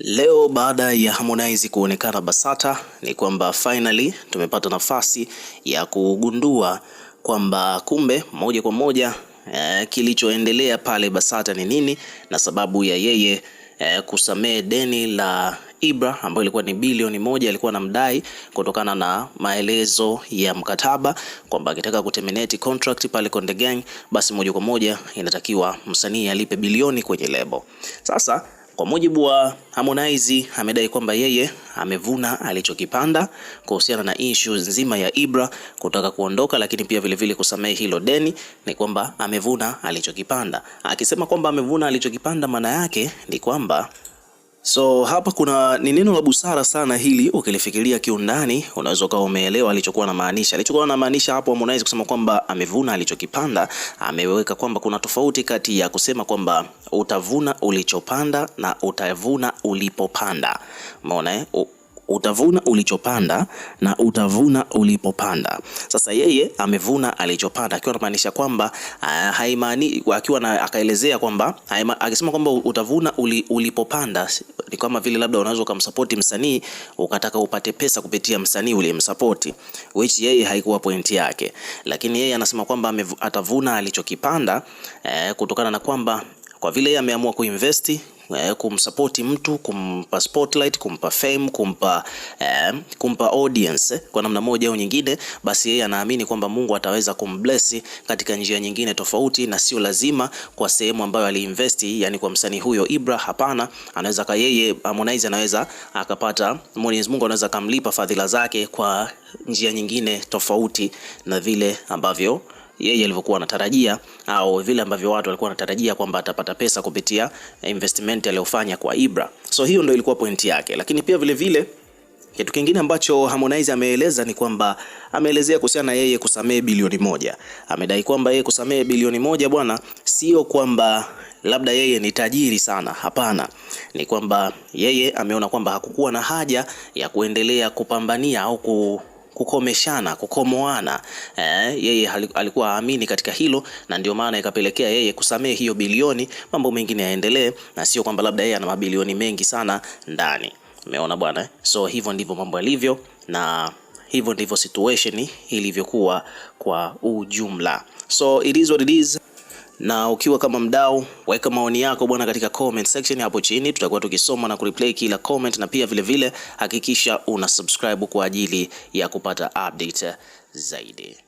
Leo baada ya Harmonize kuonekana Basata ni kwamba finally tumepata nafasi ya kugundua kwamba kumbe moja kwa moja eh, kilichoendelea pale Basata ni nini na sababu ya yeye eh, kusamehe deni la Ibra ambayo ilikuwa ni bilioni moja alikuwa anamdai kutokana na maelezo ya mkataba kwamba akitaka kuterminate contract pale Konde Gang, basi moja kwa moja inatakiwa msanii alipe bilioni kwenye lebo. Sasa kwa mujibu wa Harmonize, amedai kwamba yeye amevuna alichokipanda kuhusiana na issue nzima ya Ibra kutaka kuondoka, lakini pia vilevile kusamehe hilo deni. Ni kwamba amevuna alichokipanda, akisema kwamba amevuna alichokipanda, maana yake ni kwamba So hapa kuna ni neno la busara sana hili, ukilifikiria kiundani unaweza ukawa umeelewa alichokuwa anamaanisha. Alichokuwa anamaanisha hapo Harmonize kusema kwamba amevuna alichokipanda, ameweka kwamba kuna tofauti kati ya kusema kwamba utavuna ulichopanda na utavuna ulipopanda. Umeona eh? Utavuna ulichopanda na utavuna ulipopanda. Sasa yeye amevuna alichopanda, akiwa anamaanisha kwamba ah, haimani akiwa akaelezea kwamba akisema kwamba utavuna uli, ulipopanda ni kama vile labda unaweza ukamsapoti msanii ukataka upate pesa kupitia msanii uliyemsapoti, which yeye haikuwa pointi yake, lakini yeye anasema kwamba atavuna alichokipanda eh, kutokana na kwamba kwa vile yeye ameamua kuinvesti eh, kumsapoti mtu, kumpa spotlight, kumpa fame, kumpa eh, kumpa audience eh, kwa namna moja au nyingine, basi yeye anaamini kwamba Mungu ataweza kumbless katika njia nyingine tofauti, na sio lazima kwa sehemu ambayo aliinvest, yani kwa msanii huyo Ibra. Hapana, anaweza ka yeye Harmonize anaweza akapata, Mwenyezi Mungu anaweza akamlipa fadhila zake kwa njia nyingine tofauti na vile ambavyo yeye alivyokuwa anatarajia au vile ambavyo watu walikuwa wanatarajia kwamba atapata pesa kupitia eh, investment aliyofanya kwa Ibra. So hiyo ndio ilikuwa pointi yake, lakini pia vile vile kitu kingine ambacho Harmonize ameeleza ni kwamba ameelezea kuhusiana na yeye kusamehe bilioni moja. Amedai kwamba yeye kusamehe bilioni moja bwana, sio kwamba labda yeye ni tajiri sana, hapana. Ni kwamba yeye ameona kwamba hakukuwa na haja ya kuendelea kupambania au ku kukomeshana, kukomoana. Eh, yeye alikuwa aamini katika hilo, na ndio maana ikapelekea yeye kusamehe hiyo bilioni, mambo mengine yaendelee, na sio kwamba labda yeye ana mabilioni mengi sana ndani. Umeona bwana, eh? so hivyo ndivyo mambo yalivyo na hivyo ndivyo situation ilivyokuwa kwa ujumla, so it is what it is na ukiwa kama mdau, weka maoni yako bwana katika comment section hapo chini, tutakuwa tukisoma na kureplay kila comment, na pia vile vile hakikisha una subscribe kwa ajili ya kupata update zaidi.